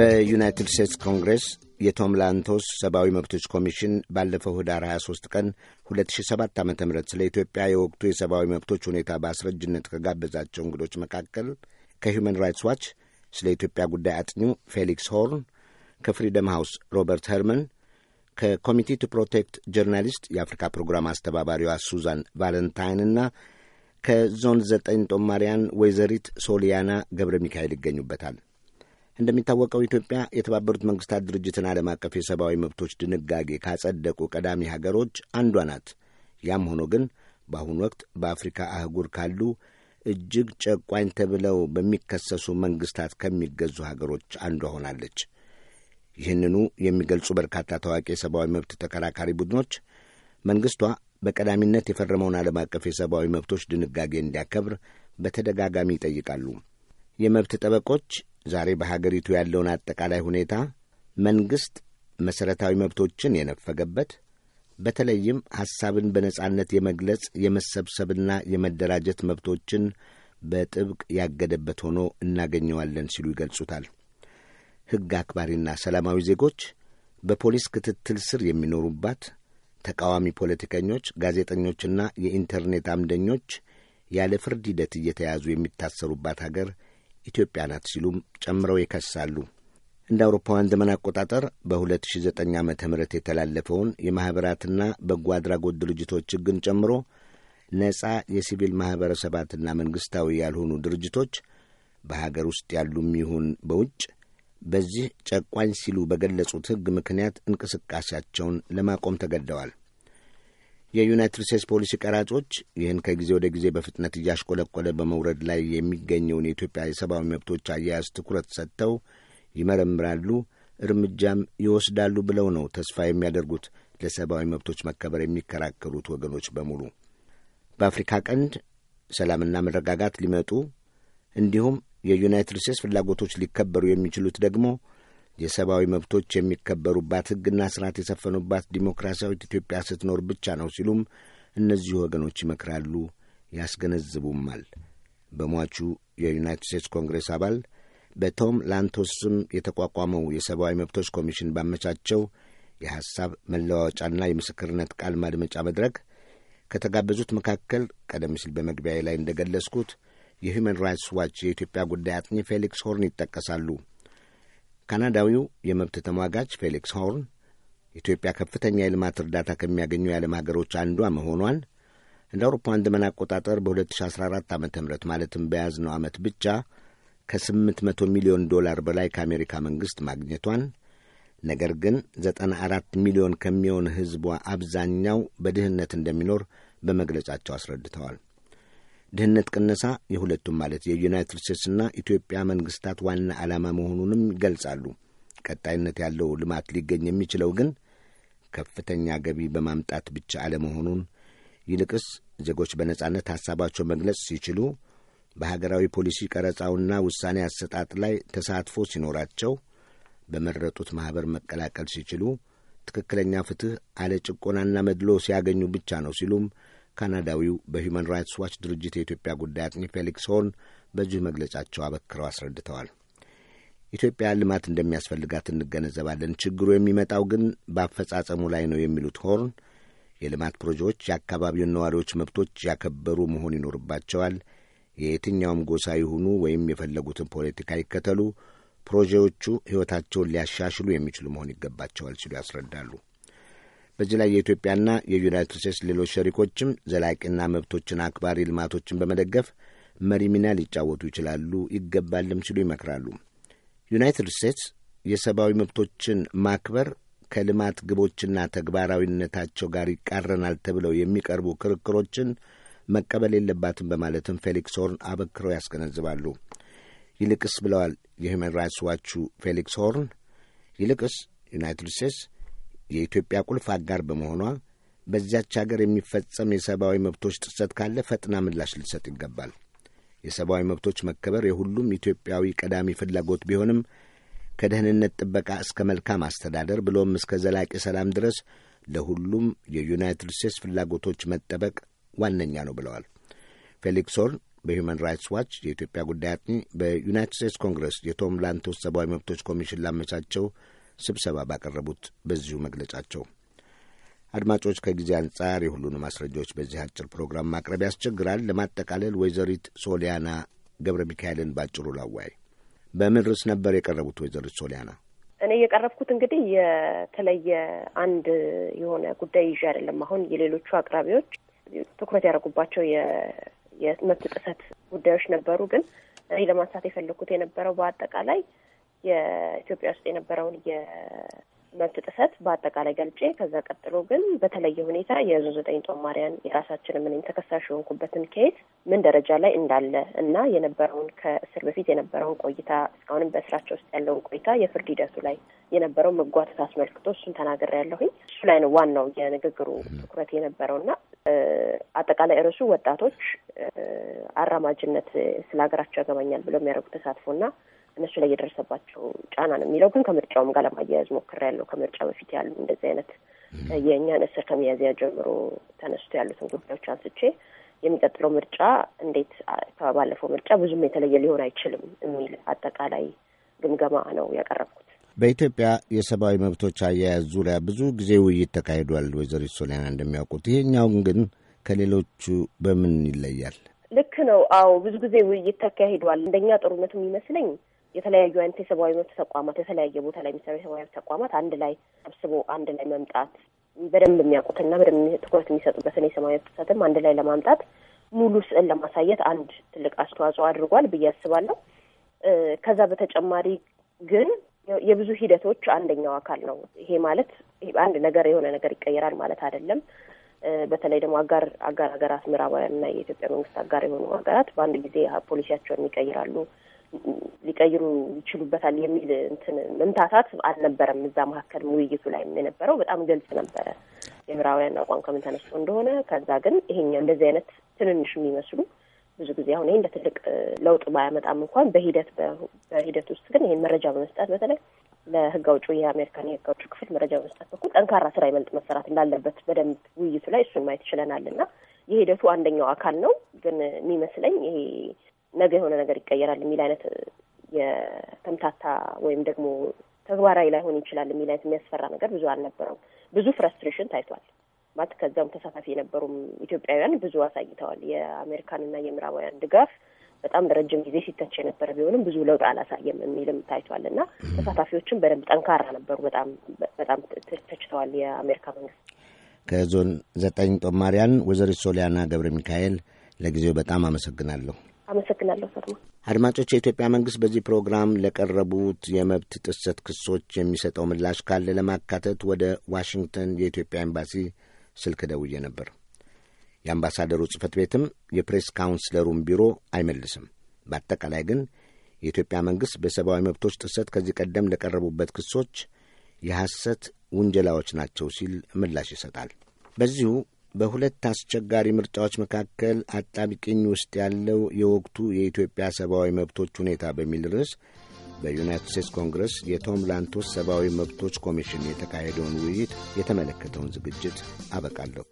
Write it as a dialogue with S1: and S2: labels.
S1: በዩናይትድ ስቴትስ ኮንግሬስ የቶም ላንቶስ ሰብአዊ መብቶች ኮሚሽን ባለፈው ህዳር 23 ቀን 2007 ዓ ም ስለ ኢትዮጵያ የወቅቱ የሰብአዊ መብቶች ሁኔታ በአስረጅነት ከጋበዛቸው እንግዶች መካከል ከሁማን ራይትስ ዋች ስለ ኢትዮጵያ ጉዳይ አጥኚው ፌሊክስ ሆርን፣ ከፍሪደም ሃውስ ሮበርት ሄርመን፣ ከኮሚቴ ቱ ፕሮቴክት ጀርናሊስት የአፍሪካ ፕሮግራም አስተባባሪዋ ሱዛን ቫለንታይን እና ከዞን ዘጠኝ ጦማሪያን ወይዘሪት ሶሊያና ገብረ ሚካኤል ይገኙበታል። እንደሚታወቀው ኢትዮጵያ የተባበሩት መንግስታት ድርጅትን ዓለም አቀፍ የሰብአዊ መብቶች ድንጋጌ ካጸደቁ ቀዳሚ ሀገሮች አንዷ ናት። ያም ሆኖ ግን በአሁኑ ወቅት በአፍሪካ አህጉር ካሉ እጅግ ጨቋኝ ተብለው በሚከሰሱ መንግስታት ከሚገዙ ሀገሮች አንዷ ሆናለች። ይህንኑ የሚገልጹ በርካታ ታዋቂ የሰብአዊ መብት ተከራካሪ ቡድኖች መንግስቷ በቀዳሚነት የፈረመውን ዓለም አቀፍ የሰብአዊ መብቶች ድንጋጌ እንዲያከብር በተደጋጋሚ ይጠይቃሉ። የመብት ጠበቆች ዛሬ በሀገሪቱ ያለውን አጠቃላይ ሁኔታ መንግሥት መሠረታዊ መብቶችን የነፈገበት በተለይም ሐሳብን በነጻነት የመግለጽ የመሰብሰብና የመደራጀት መብቶችን በጥብቅ ያገደበት ሆኖ እናገኘዋለን ሲሉ ይገልጹታል። ሕግ አክባሪና ሰላማዊ ዜጎች በፖሊስ ክትትል ስር የሚኖሩባት ተቃዋሚ ፖለቲከኞች፣ ጋዜጠኞችና የኢንተርኔት አምደኞች ያለ ፍርድ ሂደት እየተያዙ የሚታሰሩባት ሀገር ኢትዮጵያ ናት ሲሉም ጨምረው ይከሳሉ። እንደ አውሮፓውያን ዘመን አቆጣጠር በ2009 ዓ ም የተላለፈውን የማኅበራትና በጎ አድራጎት ድርጅቶች ሕግን ጨምሮ ነጻ የሲቪል ማኅበረሰባትና መንግሥታዊ ያልሆኑ ድርጅቶች በሀገር ውስጥ ያሉም ይሁን በውጭ በዚህ ጨቋኝ ሲሉ በገለጹት ሕግ ምክንያት እንቅስቃሴያቸውን ለማቆም ተገደዋል። የዩናይትድ ስቴትስ ፖሊሲ ቀራጮች ይህን ከጊዜ ወደ ጊዜ በፍጥነት እያሽቆለቆለ በመውረድ ላይ የሚገኘውን የኢትዮጵያ የሰብአዊ መብቶች አያያዝ ትኩረት ሰጥተው ይመረምራሉ፣ እርምጃም ይወስዳሉ ብለው ነው ተስፋ የሚያደርጉት ለሰብአዊ መብቶች መከበር የሚከራከሩት ወገኖች በሙሉ። በአፍሪካ ቀንድ ሰላምና መረጋጋት ሊመጡ እንዲሁም የዩናይትድ ስቴትስ ፍላጎቶች ሊከበሩ የሚችሉት ደግሞ የሰብአዊ መብቶች የሚከበሩባት ሕግና ስርዓት የሰፈኑባት ዲሞክራሲያዊት ኢትዮጵያ ስትኖር ብቻ ነው ሲሉም እነዚህ ወገኖች ይመክራሉ፣ ያስገነዝቡማል። በሟቹ የዩናይትድ ስቴትስ ኮንግሬስ አባል በቶም ላንቶስ ስም የተቋቋመው የሰብአዊ መብቶች ኮሚሽን ባመቻቸው የሐሳብ መለዋወጫና የምስክርነት ቃል ማድመጫ መድረክ ከተጋበዙት መካከል ቀደም ሲል በመግቢያ ላይ እንደገለጽኩት የሁማን ራይትስ ዋች የኢትዮጵያ ጉዳይ አጥኚ ፌሊክስ ሆርን ይጠቀሳሉ። ካናዳዊው የመብት ተሟጋች ፌሊክስ ሆርን ኢትዮጵያ ከፍተኛ የልማት እርዳታ ከሚያገኙ የዓለም ሀገሮች አንዷ መሆኗን እንደ አውሮፓውያን ዘመን አቆጣጠር በ2014 ዓ ም ማለትም በያዝነው ዓመት ብቻ ከ800 ሚሊዮን ዶላር በላይ ከአሜሪካ መንግሥት ማግኘቷን ነገር ግን 94 ሚሊዮን ከሚሆን ሕዝቧ አብዛኛው በድህነት እንደሚኖር በመግለጫቸው አስረድተዋል። ድህነት ቅነሳ የሁለቱም ማለት የዩናይትድ ስቴትስና ኢትዮጵያ መንግስታት ዋና ዓላማ መሆኑንም ይገልጻሉ። ቀጣይነት ያለው ልማት ሊገኝ የሚችለው ግን ከፍተኛ ገቢ በማምጣት ብቻ አለመሆኑን ይልቅስ ዜጎች በነጻነት ሐሳባቸው መግለጽ ሲችሉ፣ በሀገራዊ ፖሊሲ ቀረጻውና ውሳኔ አሰጣጥ ላይ ተሳትፎ ሲኖራቸው፣ በመረጡት ማኅበር መቀላቀል ሲችሉ፣ ትክክለኛ ፍትሕ አለ ጭቆናና መድሎ ሲያገኙ ብቻ ነው ሲሉም ካናዳዊው በሂውማን ራይትስ ዋች ድርጅት የኢትዮጵያ ጉዳይ አጥኚ ፌሊክስ ሆርን በዚሁ መግለጫቸው አበክረው አስረድተዋል። ኢትዮጵያ ልማት እንደሚያስፈልጋት እንገነዘባለን፣ ችግሩ የሚመጣው ግን በአፈጻጸሙ ላይ ነው የሚሉት ሆርን የልማት ፕሮጀክቶች የአካባቢውን ነዋሪዎች መብቶች ያከበሩ መሆን ይኖርባቸዋል። የየትኛውም ጎሳ ይሁኑ ወይም የፈለጉትን ፖለቲካ ይከተሉ፣ ፕሮጀክቶቹ ሕይወታቸውን ሊያሻሽሉ የሚችሉ መሆን ይገባቸዋል ሲሉ ያስረዳሉ። በዚህ ላይ የኢትዮጵያና የዩናይትድ ስቴትስ ሌሎች ሸሪኮችም ዘላቂና መብቶችን አክባሪ ልማቶችን በመደገፍ መሪ ሚና ሊጫወቱ ይችላሉ ይገባልም ሲሉ ይመክራሉ። ዩናይትድ ስቴትስ የሰብአዊ መብቶችን ማክበር ከልማት ግቦችና ተግባራዊነታቸው ጋር ይቃረናል ተብለው የሚቀርቡ ክርክሮችን መቀበል የለባትም በማለትም ፌሊክስ ሆርን አበክረው ያስገነዝባሉ። ይልቅስ ብለዋል የሁማን ራይትስ ዋቹ ፌሊክስ ሆርን ይልቅስ ዩናይትድ ስቴትስ የኢትዮጵያ ቁልፍ አጋር በመሆኗ በዚያች አገር የሚፈጸም የሰብአዊ መብቶች ጥሰት ካለ ፈጥና ምላሽ ልትሰጥ ይገባል። የሰብአዊ መብቶች መከበር የሁሉም ኢትዮጵያዊ ቀዳሚ ፍላጎት ቢሆንም ከደህንነት ጥበቃ እስከ መልካም አስተዳደር ብሎም እስከ ዘላቂ ሰላም ድረስ ለሁሉም የዩናይትድ ስቴትስ ፍላጎቶች መጠበቅ ዋነኛ ነው ብለዋል። ፌሊክስ ሆርን በሁማን ራይትስ ዋች የኢትዮጵያ ጉዳይ አጥኚ፣ በዩናይትድ ስቴትስ ኮንግረስ የቶም ላንቶስ ሰብአዊ መብቶች ኮሚሽን ላመቻቸው ስብሰባ ባቀረቡት በዚሁ መግለጫቸው። አድማጮች፣ ከጊዜ አንጻር የሁሉንም ማስረጃዎች በዚህ አጭር ፕሮግራም ማቅረብ ያስቸግራል። ለማጠቃለል ወይዘሪት ሶሊያና ገብረ ሚካኤልን ባጭሩ ላዋይ በምን ርዕስ ነበር የቀረቡት? ወይዘሪት ሶሊያና
S2: እኔ የቀረብኩት እንግዲህ የተለየ አንድ የሆነ ጉዳይ ይዤ አይደለም። አሁን የሌሎቹ አቅራቢዎች ትኩረት ያደረጉባቸው የመብት ጥሰት ጉዳዮች ነበሩ። ግን እኔ ለማንሳት የፈለግኩት የነበረው በአጠቃላይ የኢትዮጵያ ውስጥ የነበረውን የመብት ጥሰት በአጠቃላይ ገልጬ ከዛ ቀጥሎ ግን በተለየ ሁኔታ የዞን ዘጠኝ ጦማሪያን የራሳችን ምንም ተከሳሽ የሆንኩበትን ኬት ምን ደረጃ ላይ እንዳለ እና የነበረውን ከእስር በፊት የነበረውን ቆይታ እስካሁንም በእስራቸው ውስጥ ያለውን ቆይታ የፍርድ ሂደቱ ላይ የነበረው መጓተት አስመልክቶ እሱን ተናገር ያለሁኝ እሱ ላይ ነው ዋናው የንግግሩ ትኩረት የነበረውና አጠቃላይ ርዕሱ ወጣቶች አራማጅነት ስለ ሀገራቸው ያገባኛል ብለው የሚያደርጉት ተሳትፎና እነሱ ላይ የደረሰባቸው ጫና ነው የሚለው ግን ከምርጫውም ጋር ለማያያዝ ሞክሬያለሁ። ከምርጫ በፊት ያሉ እንደዚህ አይነት የእኛን እስር ከሚያዝያ ጀምሮ ተነስቶ ያሉትን ጉዳዮች አንስቼ የሚቀጥለው ምርጫ እንዴት ከባለፈው ምርጫ ብዙም የተለየ ሊሆን አይችልም የሚል አጠቃላይ ግምገማ ነው ያቀረብኩት።
S1: በኢትዮጵያ የሰብአዊ መብቶች አያያዝ ዙሪያ ብዙ ጊዜ ውይይት ተካሂዷል። ወይዘሪት ሶሊያና እንደሚያውቁት ይሄኛውን ግን ከሌሎቹ በምን ይለያል?
S2: ልክ ነው። አዎ ብዙ ጊዜ ውይይት ተካሂዷል። እንደኛ ጥሩነቱ የሚመስለኝ የተለያዩ አይነት የሰብአዊ መብት ተቋማት የተለያየ ቦታ ላይ የሚሰሩ የሰብአዊ መብት ተቋማት አንድ ላይ ሰብስቦ አንድ ላይ መምጣት በደንብ የሚያውቁትና በደንብ ትኩረት የሚሰጡበትን የሰብአዊ መብት ጥሰትም አንድ ላይ ለማምጣት ሙሉ ስዕል ለማሳየት አንድ ትልቅ አስተዋጽኦ አድርጓል ብዬ አስባለሁ። ከዛ በተጨማሪ ግን የብዙ ሂደቶች አንደኛው አካል ነው። ይሄ ማለት አንድ ነገር የሆነ ነገር ይቀየራል ማለት አይደለም። በተለይ ደግሞ አጋር አጋር ሀገራት ምዕራባውያን ና የኢትዮጵያ መንግስት አጋር የሆኑ ሀገራት በአንድ ጊዜ ፖሊሲያቸውን ይቀይራሉ ሊቀይሩ ይችሉበታል የሚል እንትን መምታታት አልነበረም። እዛ መካከል ውይይቱ ላይ የነበረው በጣም ግልጽ ነበረ የምዕራባውያን አቋም ከምን ተነስቶ እንደሆነ። ከዛ ግን ይሄኛ እንደዚህ አይነት ትንንሽ የሚመስሉ ብዙ ጊዜ አሁን ይሄ እንደ ትልቅ ለውጥ ባያመጣም እንኳን በሂደት በሂደት ውስጥ ግን ይሄን መረጃ በመስጠት በተለይ ለህግ አውጪ የአሜሪካን የህግ አውጪ ክፍል መረጃ በመስጠት በኩል ጠንካራ ስራ ይበልጥ መሰራት እንዳለበት በደንብ ውይይቱ ላይ እሱን ማየት ይችለናል እና የሂደቱ አንደኛው አካል ነው። ግን የሚመስለኝ ይሄ ነገ የሆነ ነገር ይቀየራል የሚል አይነት የተምታታ ወይም ደግሞ ተግባራዊ ላይሆን ይችላል የሚል አይነት የሚያስፈራ ነገር ብዙ አልነበረም። ብዙ ፍረስትሬሽን ታይቷል ማለት ከዛም ተሳታፊ የነበሩም ኢትዮጵያውያን ብዙ አሳይተዋል። የአሜሪካንና የምዕራባውያን ድጋፍ በጣም ረጅም ጊዜ ሲተች የነበረ ቢሆንም ብዙ ለውጥ አላሳየም የሚልም ታይቷል እና ተሳታፊዎችም በደንብ ጠንካራ ነበሩ። በጣም በጣም ተችተዋል የአሜሪካ መንግስት።
S1: ከዞን ዘጠኝ ጦማሪያን ወይዘሪት ሶሊያና ገብረ ሚካኤል ለጊዜው በጣም አመሰግናለሁ።
S2: አመሰግናለሁ ፈርማ።
S1: አድማጮች፣ የኢትዮጵያ መንግስት በዚህ ፕሮግራም ለቀረቡት የመብት ጥሰት ክሶች የሚሰጠው ምላሽ ካለ ለማካተት ወደ ዋሽንግተን የኢትዮጵያ ኤምባሲ ስልክ ደውዬ ነበር። የአምባሳደሩ ጽህፈት ቤትም የፕሬስ ካውንስለሩን ቢሮ አይመልስም። በአጠቃላይ ግን የኢትዮጵያ መንግስት በሰብአዊ መብቶች ጥሰት ከዚህ ቀደም ለቀረቡበት ክሶች የሐሰት ውንጀላዎች ናቸው ሲል ምላሽ ይሰጣል። በዚሁ በሁለት አስቸጋሪ ምርጫዎች መካከል አጣብቂኝ ውስጥ ያለው የወቅቱ የኢትዮጵያ ሰብአዊ መብቶች ሁኔታ በሚል ርዕስ በዩናይትድ ስቴትስ ኮንግረስ የቶም ላንቶስ ሰብአዊ መብቶች ኮሚሽን የተካሄደውን ውይይት የተመለከተውን ዝግጅት አበቃለሁ።